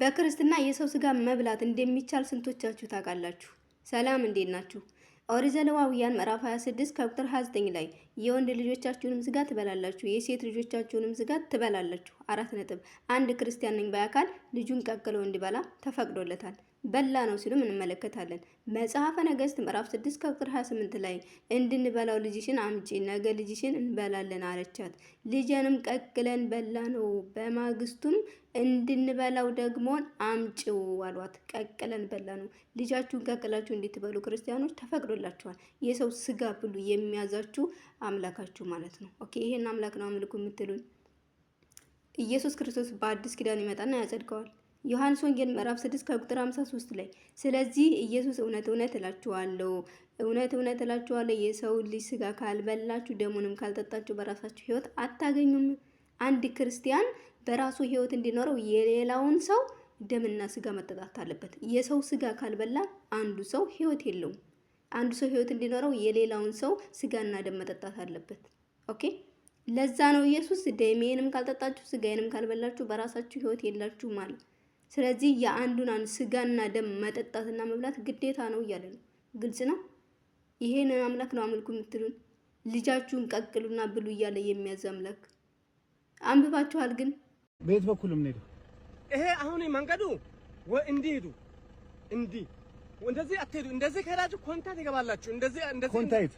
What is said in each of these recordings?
በክርስትና የሰው ስጋ መብላት እንደሚቻል ስንቶቻችሁ ታውቃላችሁ? ሰላም እንዴት ናችሁ? ኦሪት ዘሌዋውያን ምዕራፍ 26 ከቁጥር 29 ላይ የወንድ ልጆቻችሁንም ስጋ ትበላላችሁ፣ የሴት ልጆቻችሁንም ስጋ ትበላላችሁ። አራት ነጥብ አንድ ክርስቲያን ነኝ ባይ አካል ልጁን ቀቅሎ እንዲበላ ተፈቅዶለታል። በላ ነው ሲሉም እንመለከታለን። መጽሐፈ ነገስት ምዕራፍ 6 ከቁጥር 28 ላይ እንድንበላው ልጅሽን አምጪ፣ ነገ ልጅሽን እንበላለን አለቻት። ልጄንም ቀቅለን በላ ነው፣ በማግስቱም እንድንበላው ደግሞ አምጪው አሏት። ቀቅለን በላ ነው። ልጃችሁን ቀቅላችሁ እንድትበሉ ክርስቲያኖች ተፈቅዶ ብሎላችኋል። የሰው ስጋ ብሉ የሚያዛችሁ አምላካችሁ ማለት ነው። ኦኬ ይሄን አምላክ ነው አምልኩ የምትሉን። ኢየሱስ ክርስቶስ በአዲስ ኪዳን ይመጣና ያጸድቀዋል። ዮሐንስ ወንጌል ምዕራፍ 6 ከቁጥር 53 ላይ ስለዚህ ኢየሱስ እውነት እውነት እላችኋለሁ እውነት እውነት እላችኋለሁ የሰው ልጅ ስጋ ካልበላችሁ ደሙንም ካልጠጣችሁ በራሳችሁ ህይወት አታገኙም። አንድ ክርስቲያን በራሱ ህይወት እንዲኖረው የሌላውን ሰው ደምና ስጋ መጠጣት አለበት። የሰው ስጋ ካልበላ አንዱ ሰው ህይወት የለውም። አንዱ ሰው ህይወት እንዲኖረው የሌላውን ሰው ስጋና ደም መጠጣት አለበት። ኦኬ ለዛ ነው ኢየሱስ ደሜንም ካልጠጣችሁ ስጋዬንም ካልበላችሁ በራሳችሁ ህይወት የላችሁ ማለት። ስለዚህ የአንዱን አንድ ስጋና ደም መጠጣትና መብላት ግዴታ ነው እያለ ነው። ግልጽ ነው። ይሄንን አምላክ ነው አምልኩ የምትሉን ልጃችሁን ቀቅሉና ብሉ እያለ የሚያዝ አምላክ አንብባችኋል። ግን ቤት በኩልም ሄዱ። ይሄ አሁን መንገዱ ወይ እንዲህ ሄዱ እንዲህ እንደዚህ አትሄዱ። እንደዚህ ከሄዳችሁ ኮንታክት ይገባላችሁ። እንደዚህ እንደዚህ ኮንታክት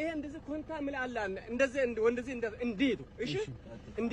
ይሄ እንደዚህ ኮንታ ምን አለ እንደዚህ እንደዚህ እንዲሄዱ እሺ እንዲ